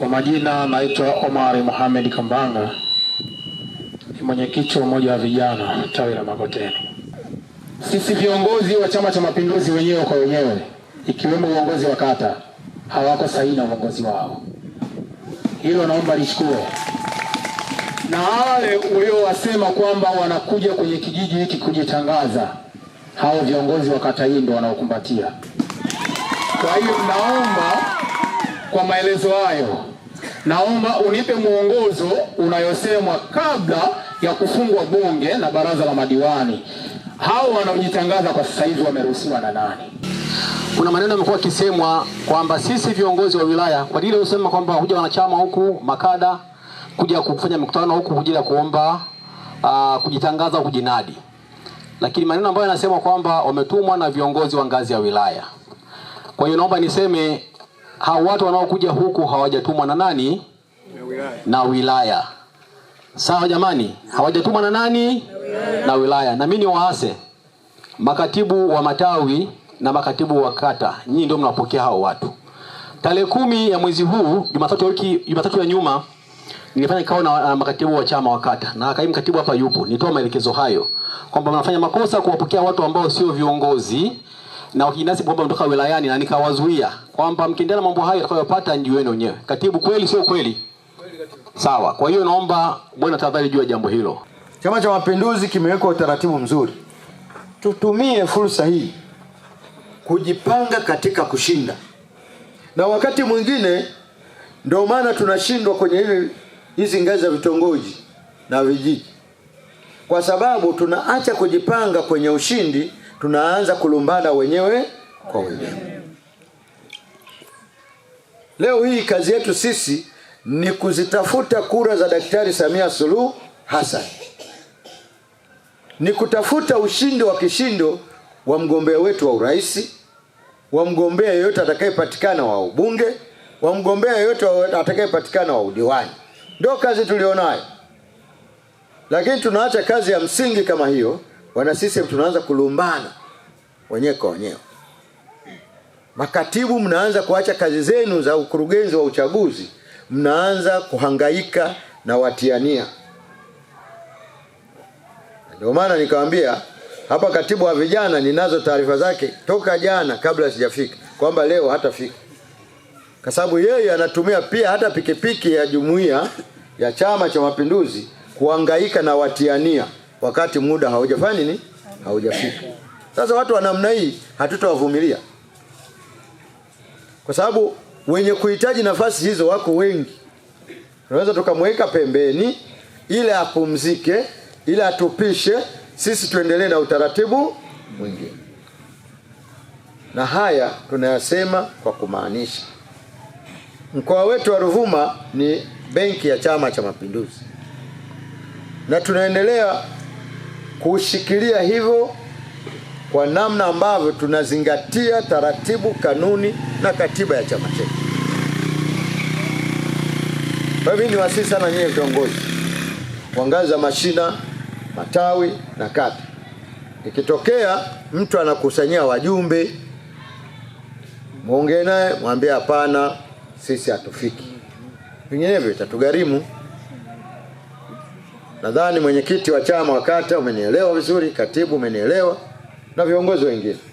Kwa majina naitwa Omari Mohamed Kambanga, ni mwenyekiti wa umoja wa vijana tawi la Makoteni. Sisi viongozi wa Chama cha Mapinduzi wenyewe kwa wenyewe, ikiwemo uongozi wa kata, hawako sahihi na uongozi wao. Hilo naomba lichukue, na wale uliowasema kwamba wanakuja kwenye kijiji hiki kujitangaza, hao viongozi wa kata hii ndio wanaokumbatia. Kwa hiyo naomba kwa maelezo hayo naomba unipe mwongozo unayosemwa kabla ya kufungwa bunge na baraza la madiwani. Hao wanaojitangaza kwa sasa hivi wameruhusiwa na nani? Kuna maneno yamekuwa akisemwa kwamba sisi viongozi wa wilaya kwa dili usema kwamba huja wanachama huku makada kuja kufanya mikutano huku kuja ya kuomba uh, kujitangaza kujinadi, lakini maneno ambayo yanasema kwamba wametumwa na viongozi wa ngazi ya wilaya. Kwa hiyo naomba niseme hao watu wanaokuja huku hawajatumwa na nani? Na wilaya, Sawa jamani, hawajatumwa na nani? Na wilaya, na mimi ni waase makatibu wa matawi na makatibu wa kata, nyinyi ndio mnapokea hao watu. Tarehe kumi ya mwezi huu, Jumatatu wiki, Jumatatu ya nyuma nilifanya kikao na makatibu wa chama wa kata na kaimu katibu hapa yupo, nitoa maelekezo hayo kwamba mnafanya makosa kuwapokea watu ambao sio viongozi na wakinasi kwamba mtoka wilayani, na nikawazuia kwamba mkiendelea mambo hayo atakayopata ndio wenu wenyewe. Katibu, kweli sio kweli? Sawa. Kwa hiyo naomba bwana tafadhali ya jambo hilo. Chama cha Mapinduzi kimeweka utaratibu mzuri, tutumie fursa hii kujipanga katika kushinda, na wakati mwingine ndio maana tunashindwa kwenye hizi ngazi za vitongoji na vijiji, kwa sababu tunaacha kujipanga kwenye ushindi tunaanza kulumbana wenyewe kwa wenyewe. Leo hii kazi yetu sisi ni kuzitafuta kura za Daktari Samia Suluhu Hassan, ni kutafuta ushindi wa kishindo wa mgombea wetu wa urais, wa mgombea yeyote atakayepatikana wa ubunge, wa mgombea yeyote atakayepatikana wa udiwani. Ndio kazi tulionayo, lakini tunaacha kazi ya msingi kama hiyo wana sisi tunaanza kulumbana wenyewe kwa wenyewe. Makatibu mnaanza kuacha kazi zenu za ukurugenzi wa uchaguzi, mnaanza kuhangaika na watiania. Ndio maana nikamwambia hapa, katibu wa vijana ninazo taarifa zake toka jana kabla sijafika kwamba leo hatafika, kwa sababu yeye anatumia pia hata pikipiki ya jumuiya ya Chama cha Mapinduzi kuhangaika na watiania wakati muda haujafanya nini, haujafika. Sasa watu wa namna hii hatutawavumilia, kwa sababu wenye kuhitaji nafasi hizo wako wengi. Tunaweza tukamweka pembeni ili apumzike, ili atupishe, sisi tuendelee na utaratibu mwingine. Na haya tunayasema kwa kumaanisha, mkoa wetu wa Ruvuma ni benki ya Chama cha Mapinduzi na tunaendelea kushikilia hivyo kwa namna ambavyo tunazingatia taratibu, kanuni na katiba ya chama chetu. Kwa hivyo ni wasihi sana nyewe viongozi wa ngazi za mashina, matawi na kata, ikitokea mtu anakusanyia wajumbe, mwongee naye, mwambie hapana, sisi hatufiki, vinginevyo itatugharimu. Nadhani mwenyekiti wa chama wa kata umenielewa vizuri, katibu umenielewa na viongozi wengine.